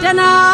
Deny.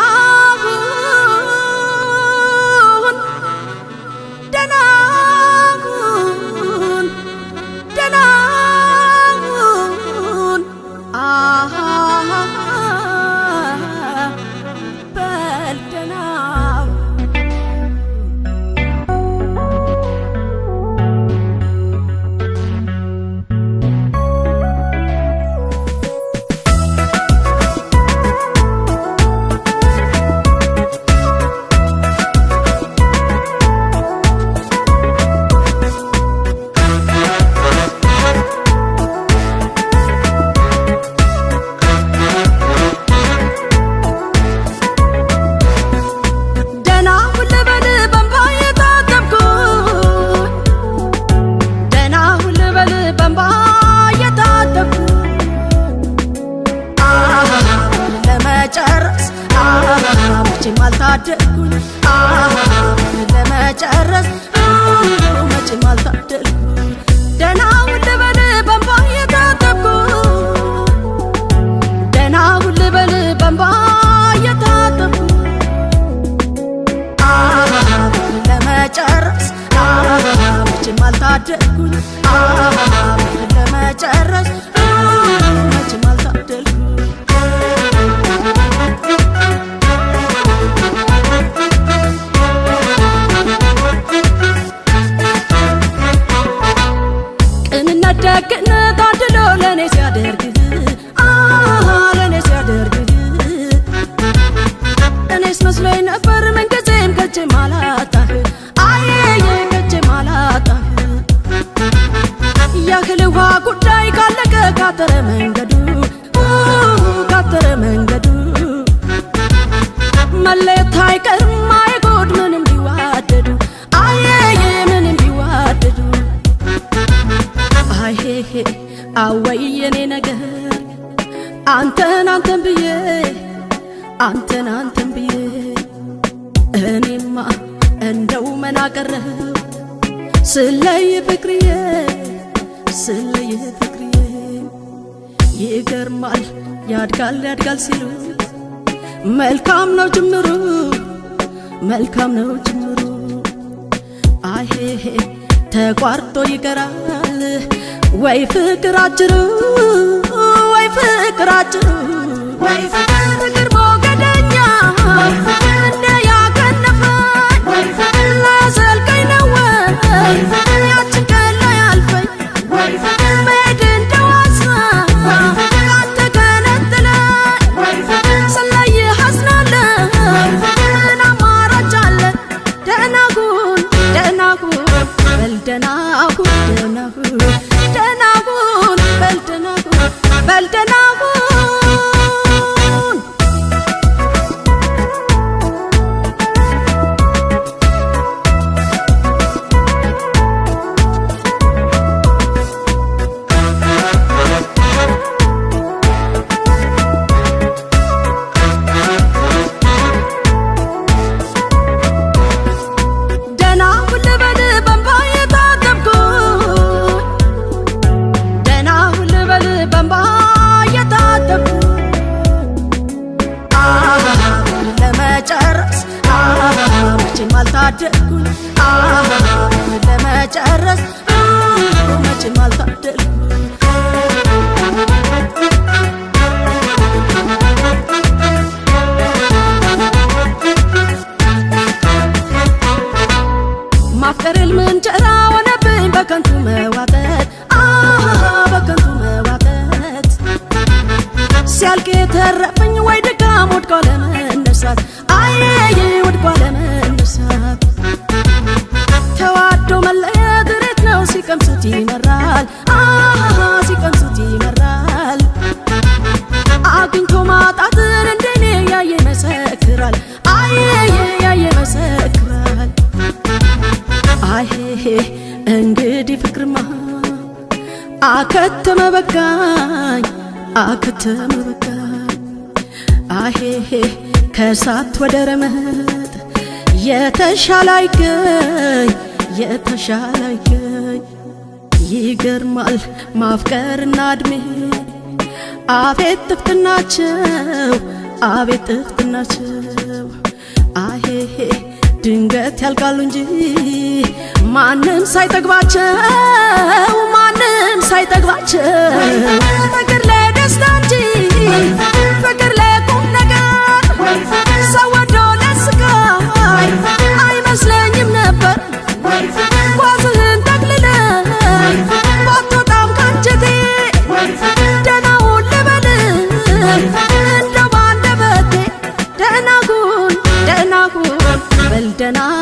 చెక్కులు የእህል ውሃ ጉዳይ ካለቀ ካተረ መንገዱ ካተረ መንገዱ መለየት አይቀርም አይጎድ ምንም ቢዋደዱ አየየ ምንም ቢዋደዱ አይሄሄ አወይ የኔ ነገር አንተን አንተን ብዬ አንተን አንተን ብዬ እኔማ እንደው መናቀረህ ስለይ ፍቅርዬ ስለ ፍቅሬ ይገርማል ያድጋል ያድጋል ሲሉ መልካም ነው ጅምሩ መልካም ነው ጅምሩ አይሄሄ ተቋርጦ ይቀራል ወይ ፍቅር አጭሩ ወይ ፍቅር አጭሩ Jack Cooney. ይመሰክራል አየየያ ይመሰክራል አይሄ እንግዲህ ፍቅርማ አከተመ በጋኝ አከተመ በጋኝ አሄሄ ከእሳት ወደ ረመጥ የተሻለ አይገኝ የተሻለ አይገኝ ይገርማል ማፍቀርና እድሜ አቤት ጥፍጥናቸው አቤት ጥፍጥ ናቸው። አሄሄ ድንገት ያልቃሉ እንጂ ማንም ሳይጠግባቸው ወልደናው